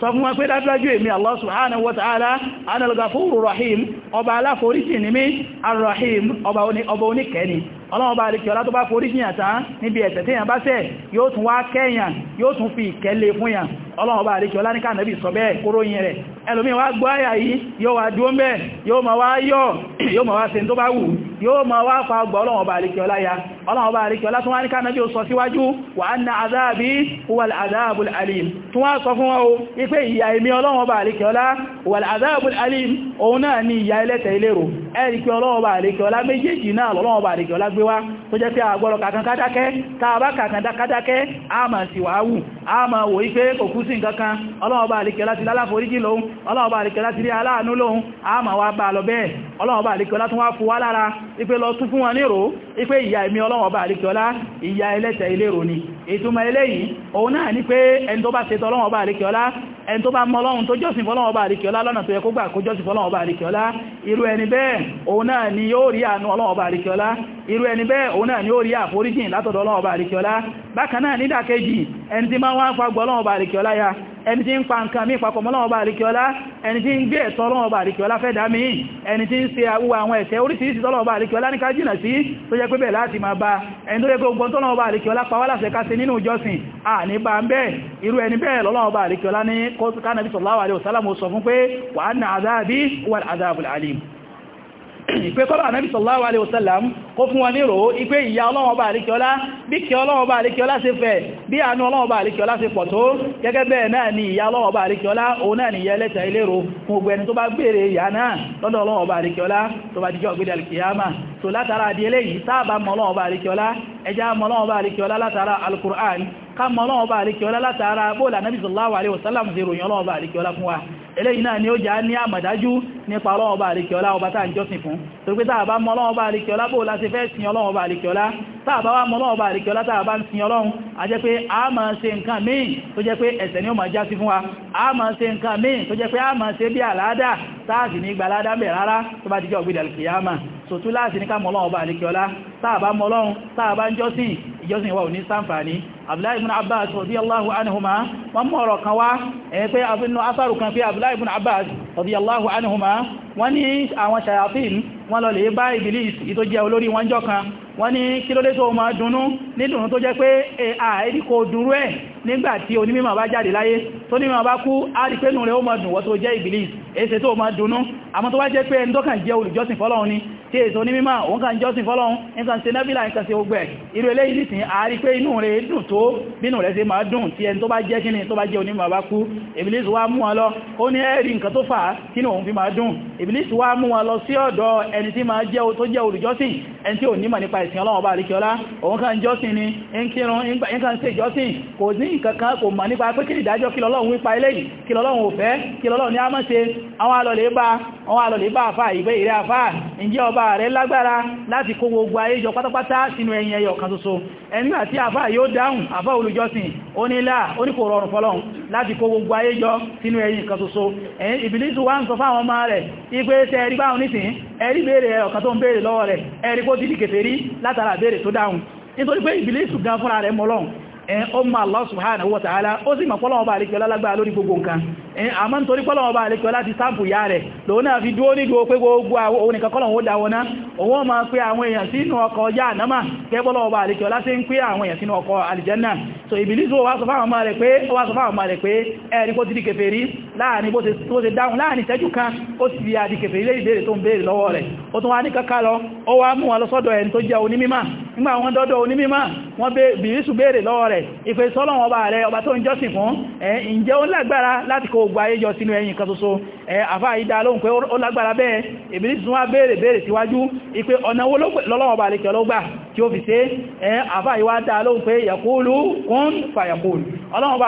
sọ fún wọn pé dájúdájú èmi Allah subhanahu wa ta'ala anal ghafurur rahim ọba aláforíjì ní mí arrahim ọba oníkẹni ọlọ́run bá rí kí ọlá tó bá foríjì yàn tán níbi ẹ̀ṣẹ̀ tí yàn bá ṣẹ̀ yóò tún wá kẹ́yàn yóò tún fi ìkẹ́lẹ̀ fún yàn ọlọ́run ọba àríkẹ́ ọláníkà nẹ́bì sọ bẹ́ẹ̀ kóró yìn rẹ̀ ẹlòmí wá gbọ́ àyà yìí yóò wá dúó mẹ́ yóò ma wá yọ́ yóò ma wá ṣe tó bá wù yóò ma wá pa ọgbà ọlọ́run ọba àríkẹ́ ọláyà ọlọ́run ọba àríkẹ́ ọlá tún wá ní kánàbí ó sọ síwájú wà alim tún wá sọ fún ọ ipé ìyà èmi ọlọ́run ọba àríkẹ́ ọlá wàl adáàbùl alim òun náà ni ìyà ẹlẹ́tẹ̀ ilérò ẹ̀rì pé ọlọ́run ọba àríkẹ́ ọlá méjèèjì náà lọ́lọ́run ọba àríkẹ́ ọlá gbé wá sí wàáwù sí nǹkankan ọlọ́ọ̀bá àríkẹ́ láti láláforíjì lóhun ọlọ́ọ̀bá àríkẹ́ láti rí aláàánú lóhun a ma wá bá lọ bẹ́ẹ̀ ọlọ́ọ̀bá àríkẹ́ láti wá fún wá lára ipé lọ tún fún wọn ní ipé ìyà èmi ọlọ́ọ̀bá àríkẹ́ ni ìtumọ̀ eléyìí òun náà ní pé ẹni tó bá ṣe tọ́lọ́ọ̀bá àríkẹ́ ọlá ẹni tó bá mọ ọlọ́run tó jọ́sìn fọ́lọ́ọ̀bá àríkẹ́ ọlá lọ́nà tó yẹ kó gbà kó jọ́sìn fọ́lọ́ọ̀bá àríkẹ́ ọlá irú ẹni bẹ́ẹ̀ òun náà ni yóò rí àánú ọlọ́ọ̀bá àríkẹ́ irú ẹni bẹ́ẹ̀ òun náà ni ó rí àforíjìn látọ̀dọ̀ ọlọ́ọ̀bá àríkẹ́ ọlá nídàkejì ẹni tí máa wá fagbọ́ ọlọ́ọ̀bá àríkẹ́ ìpáyà ẹni tí ń pa nǹkan mí papọ̀ mọ́lọ́wọ́ bá àríkíọlá ẹni tí ń gbé ẹ̀tọ́ ọlọ́wọ́ bá àríkíọlá fẹ́ dámí ẹni tí ń ṣe àwúwà àwọn ẹ̀tẹ́ orísìírísìí tọ́lọ́wọ́ bá àríkíọlá ní ká jìnà sí tó jẹ́ pé bẹ̀ láti máa bá ẹni tó yẹ kó gbọ́n tọ́lọ́wọ́ bá àríkíọlá pa wá láṣẹ ká ṣe nínú ìjọsìn à ní bá ìpé kọ́lá ànábì sallallahu alaihi wasallam kó fún wọn nírò ìpé ìyà ọlọ́wọ́ bá àríkíọlá bí kí ọlọ́wọ́ bá àríkíọlá ṣe fẹ̀ bí àánú ọlọ́wọ́ bá àríkíọlá ṣe pọ̀ tó gẹ́gẹ́ bẹ́ẹ̀ náà ni ìyà ọlọ́wọ́ bá àríkíọlá òun náà ni ìyà ẹlẹ́ta ilérò fún gbogbo ẹni tó bá gbèrè ìyà náà lọ́dọ̀ ọlọ́wọ́ bá àríkíọlá tó ká mọ ọlọ́wọ́ bá àríkẹ́ ọlá látara bóòlù ànábì sallallahu alaihi wasallam ṣe ròyìn ọlọ́wọ́ bá àríkẹ́ ọlá fún wa eléyìí náà ni ó já ní àmàdájú nípa ọlọ́wọ́ bá àríkẹ́ ọlá ọba tá à ń jọ́sìn fún torí pé táà bá mọ ọlọ́wọ́ bá àríkẹ́ ọlá bóòlù àti fẹ́ sin ọlọ́wọ́ bá àríkẹ́ ọlá táà bá wá mọ ọlọ́wọ́ bá àríkẹ́ ọlá táà bá ń sin ọlọ́run a jẹ́ pé láti ní ká mọ bá àríkẹ́ ọlá táà bá mọ ń jọ́sìn ìjọsìn wa ò ní sáǹfàní abdullahi ibn abbas radiyallahu anhuma wọ́n mú ọ̀rọ̀ kan wá ẹ̀yẹ́ pé abinu asaru kan pé abdullahi abbas radiyallahu anhuma wọ́n ní àwọn shayatin wọ́n lọ lè bá Ìbílísì ìtò jẹ́ olórí wọn jọ kan wọ́n ní kí ló dé tó máa dunnú ní dùnnú tó jẹ́ pé àìrí kò dúró ẹ̀ nígbàtí onímọ̀ bá jáde láyé tó ní ma bá kú a rí pé nù rẹ̀ ó máa dùn wọ́n tó jẹ́ Ìbílísì èsè tó máa dunnú àmọ́ tó wá jẹ́ pé ẹni ni tí èso ní mímọ̀ òun kàn jọ́sìn fọ́lọ́run nǹkan ṣe nẹ́bílà nǹkan ṣe ogbẹ̀ irú eléyìí nìsìn àárí pé inú rẹ̀ dùn tó bínú rẹ̀ ṣe máa dùn tí ẹni tó bá ẹni tí máa jẹ́ tó jẹ́ olùjọ́sìn ẹni tí ò nímọ̀ nípa ìsìn ọlọ́wọ́ bá àríkíọlá òun kàn jọ́sìn ni ń kírun ń kàn ṣe ìjọ́sìn kò ní ìkankan kò mọ̀ nípa pé kí ìdájọ́ kí lọ́lọ́run wípa eléyìí kí lọ́lọ́run ò fẹ́ kí lọ́lọ́run ní a mọ́ ṣe àwọn alọ́lẹ̀ bá àwọn alọ́lẹ̀ bá àfà ìgbé ìrẹ́ àfà ǹjẹ́ ọba rẹ̀ lágbára láti kó gbogbo ayé jọ pátápátá sínú ẹ̀yìn ẹyọ kan láti kó gbogbo ayé yọ sínú ẹ̀yìn kan ṣoṣo ẹ̀yìn ìbìlísù wá ń sọ fáwọn ọmọ rẹ̀ ipé tẹ́ ẹ̀rí báwọn nìsìn ẹ̀rí béèrè ọ̀kan tó ń béèrè lọ́wọ́ rẹ̀ ẹ̀rí kó dìdì kèfèrí látara béèrè tó dáhùn nítorí pé ìbìlísù gan fúnra rẹ̀ mọ́lọ́n ọmọ Allah Eh, àmọ́ nítorí pọ́lọ̀wọ́ bá àlékọ́ láti sáàpù ìyá rẹ̀ lòun náà fi dúó nígbò pé gbogbo òun nìkan kọ́lọ̀wọ́ dá wọn náà òun ma pé àwọn èèyàn sínú ọkọ̀ ọjá ànámà kẹ́bọ́lọ̀wọ́ bá àlékọ́ láti ń pé àwọn èèyàn sínú ọkọ̀ àlìjẹ́nà so ìbìlísù wá sọ fáwọn ọmọ rẹ̀ pé ó wá sọ fáwọn ọmọ rẹ̀ pé ẹ̀rí kó ti di kèfèrí láàrin bó ṣe dáhùn láàrin ìṣẹ́jú kan ó ti di àdì kèfèrí lé ìbéèrè tó ń béèrè lọ́wọ́ rẹ̀ ó tún wá ní kankan lọ ó wá nígbà wọn dọ́dọ̀ onímímà wọ́n bìlísù béèrè lọ́wọ́ rẹ̀ ìpè sọ́lọ́wọ́n ọba rẹ̀ ọba tó ń jọ́sìn fún ẹ̀ ǹjẹ́ lágbára láti kó gbogbo ayé jọ sínú ẹ̀yìn kan ṣoṣo ẹ àfáà yìí dá lóhùn pé ó lágbára bẹ́ẹ̀ ìbílí tún wá béèrè béèrè síwájú ìpé ọ̀nà owó lọ́lọ́wọ́ bá lè kẹ́lọ́gbà tí ó fi ṣe ẹ àfáà yìí wá dá lóhùn pé yàkúlù kún fàyàkúlù ọlọ́wọ́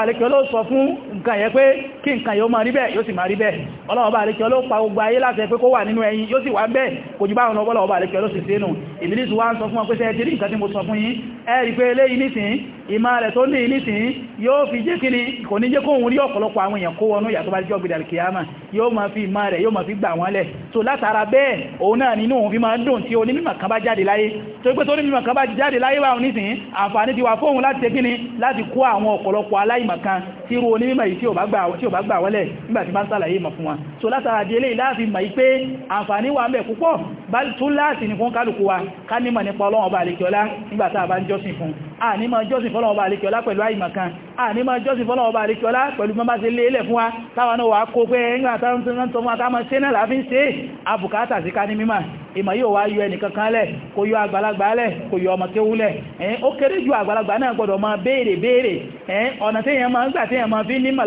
bá pa gbogbo ayé láti pé kó wà nínú ẹ̀yìn yóò sì wà bẹ́ẹ̀ kò jù báwọn ọlọ́wọ́ bá lè kẹ́ ló sì sínú ìbílí tún ìmá rẹ̀ tó ní ìnísìn yóò fi jẹ́ kíni kò ní jẹ́ kóhun rí ọ̀pọ̀lọpọ̀ àwọn èèyàn kó wọnú ìyà tó bá jọ́ gbìdàrí kìyàmà yóò ma fi ìmá rẹ̀ yóò ma fi gbà wọ́n lẹ̀ so látara bẹ́ẹ̀ òun náà nínú òun fi máa ń dùn tí onímọ̀ kan bá jáde láyé tó pé tó onímọ̀ kan bá jáde láyé wà òun nísìn àǹfààní ti wà fóhun láti kíni láti kó àwọn ọ̀pọ̀lọpọ̀ aláìmọ̀kan tí irú onímọ̀ yìí tí ò bá gbà wọ́lẹ̀ nígbà tí bá a ní máa jọ́sìn fọ́lọ́wọ́ bá àríkíọlá pẹ̀lú àìmọ̀kan a ní máa jọ́sìn fọ́lọ́wọ́ bá àríkíọlá pẹ̀lú mọ́ bá ṣe lé ilẹ̀ fún wa táwọn náà wà kó pé ẹgbẹ́ àtàrùn tó ń tọ́mọ́ àtàmọ́ sí náà láàfin ṣe àbùkátà sí ká ní mímọ̀ ìmọ̀ yóò wá yọ ẹnìkan kan lẹ̀ kò yọ àgbàlagbà lẹ̀ kò yọ ọmọ kéwú lẹ̀ ẹ̀yìn ó kéré ju àgbàlagbà náà gbọ́dọ̀ máa béèrè béèrè ẹ̀yìn ọ̀nà téèyàn máa ń gbà téèyàn máa fi ní mọ̀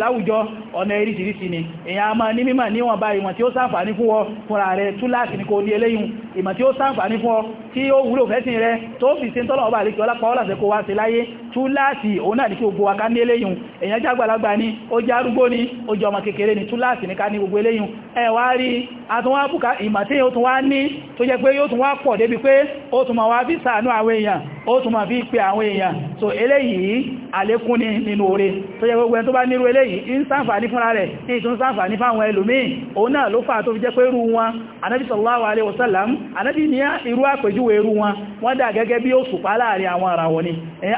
ọ̀nà eríṣiríṣi ni èèyàn a máa ní mímọ̀ níwọ̀n bá ìmọ̀ tí ó ṣàǹfààní fún ọ fúnra rẹ̀ túláàsì ni kò ní eléyìn ìmọ̀ tí ó ṣàǹfààní fún ọ tí ó wúlò fẹ́sìn rẹ tó fi ṣe ń tọ́lọ̀ ọba àlekí ọlápá ọlàṣẹ kó wá sí láyé túláàsì òun náà ní kí gbogbo wa ká ní eléyìn èèyàn jágbàlagbà ni ó jẹ́ arúgbó ni ó jẹ́ ọmọ kékeré ni túláàsì ni ká ní gbogbo eléyìn ẹ̀ wá rí àtúnwá bùkà ìmọ̀ tí ó tún wá ní tó jẹ́ pé yóò tún wá pọ̀ débi pé ó tún ma wá bí ṣàánú àwọn èèyàn ó tún ma fi pe àwọn èèyàn so eléyìí àlékún ní nínú oore tó jẹ́ gbogbo ẹni tó bá nírú eléyìí ń ṣàǹfààní fúnra rẹ̀ ní ìtún ṣàǹfààní fáwọn ẹlòmíì òun náà ló fà tó fi jẹ́ pé rú wọn anábì sallallahu alaihi wasallam anábì ní irú àpèjúwe rú wọn wọ́n dà gẹ́gẹ́ bí òṣùpá láàrin àwọn ìràwọ̀ ni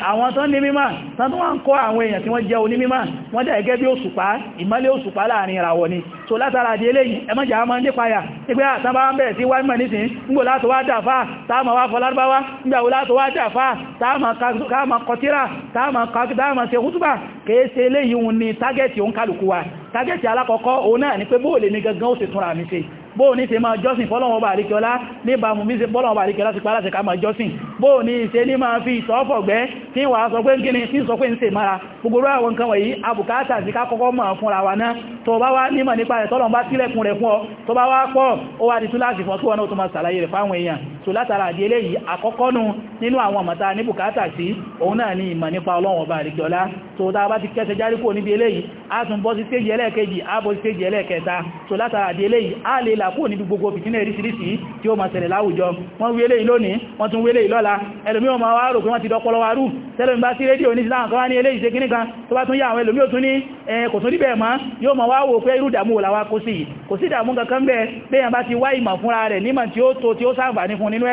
àwọn tó ní mímọ̀ tán tó wá ń kọ́ àwọn èèyàn tí wọ́n jẹ́ onímímọ̀ wọ́n dà gẹ́gẹ́ bí òṣùpá ìmọ́lé òṣùpá láàrin ìràwọ̀ ni so látara àdí eléyìí ẹ má jẹ́ a máa ń nípayà nígbé àtàbà ń bẹ̀rẹ̀ sí wá mọ̀ dáàmà ṣe hútùbà kèé ṣe eléyìí ní tágẹ́ẹ̀tì òun kálùkù wa tágẹ́ẹ̀tì alákọ̀ọ́kọ́ òun náà ni pé bóòlè ní gangan ó sì túnra mi ṣe bóò ní ṣe máa jọ́sìn fọ́lọ́wọ́ bá àríkẹ́ọlá níbàmù bí ṣe fọ́lọ́wọ́ bá àríkẹ́ọlá ti pàlá ṣe ká máa jọ́sìn bóò ní ṣe ní máa fi ìtọ́fọ̀gbẹ́ tí wà sọ pé kíni tí sọ pé ń ṣe mara gbogbo àwọn nǹkan wọ̀nyí abùkátà sí ká kọ́kọ́ fúnra wa náà tó bá wá nímọ̀ nípa rẹ̀ tọ́lọ̀ bá sílẹ̀kùn rẹ̀ fún ọ tó bá wá pọ̀ ó wá di tún láti fún ọkọ̀ náà tó máa ṣàlàyé rẹ̀ fáwọn èèyàn tó látara àdí eléyìí àkọ́kọ́ nu nínú àwọn àmọ̀ta ní bùkátà sí òun náà ní ìmọ̀ nípa Ọlọ́run ọba àríkẹ́ọlá tó tá a bá ti kẹsẹ̀ járí níbi eléyìí a tún bọ́ sí stéjì ẹlẹ́ẹ̀kejì a bọ́ sí stéjì ẹlẹ́ẹ̀kẹta tó látara àdí eléyìí a lè là kúrò níbi gbogbo fìtínà eríṣiríṣi tí ó máa ṣẹlẹ̀ láwùjọ wọ́n wí eléyìí lónìí wọ́n tún wí eléyìí lọ́la ẹlòmí ó máa wá rò pé wọ́n ti dọ́pọlọ wa rú tẹ́lẹ̀mí bá sí rédíò ní ìsìláhàn kan wá ní eléyìí ṣe kíní kan tó bá tún yá àwọn ẹlòmí ò tún ní kò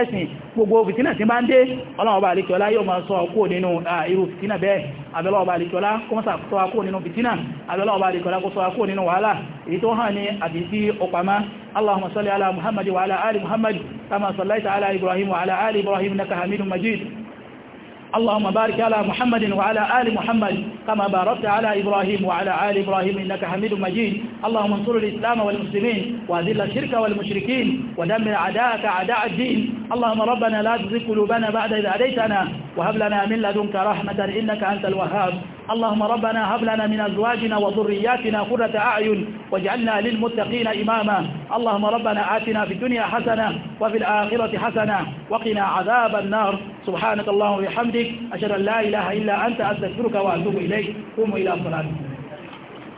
tún gbogbo fìtínà tí bá ń dé ọlọ́wọ́ bá alìkọ́lá yóò máa sọ kó nínú irú fìtínà bẹ́ẹ̀ abẹ́lọ́wọ́ bá alìkọ́lá kó mọ́sà sọ kó nínú fìtínà abẹ́lọ́wọ́ bá alìkọ́lá kó sọ kó nínú wàhálà èyí tó hàn ní àbìsí ọpamá اللهم صل على محمد وعلى آل محمد كما صليت على إبراهيم وعلى آل إبراهيم إنك حميد مجيد اللهم بارك على محمد وعلى آل محمد كما باركت على إبراهيم وعلى آل إبراهيم إنك حميد مجيد اللهم انصر الإسلام والمسلمين وذل الشرك والمشركين ودمر أعداءك عداء الدين اللهم ربنا لا تزغ قلوبنا بعد إذا هديتنا وهب لنا من لدنك رحمة إنك أنت الوهاب اللهم ربنا هب لنا من أزواجنا وذرياتنا قرة أعين واجعلنا للمتقين إماما اللهم ربنا آتنا في الدنيا حسنة وفي الآخرة حسنة وقنا عذاب النار سبحانك اللهم وبحمدك بحمدك أشهد أن لا إله إلا أنت أستغفرك وأتوب إليك قوموا إلى صلاتكم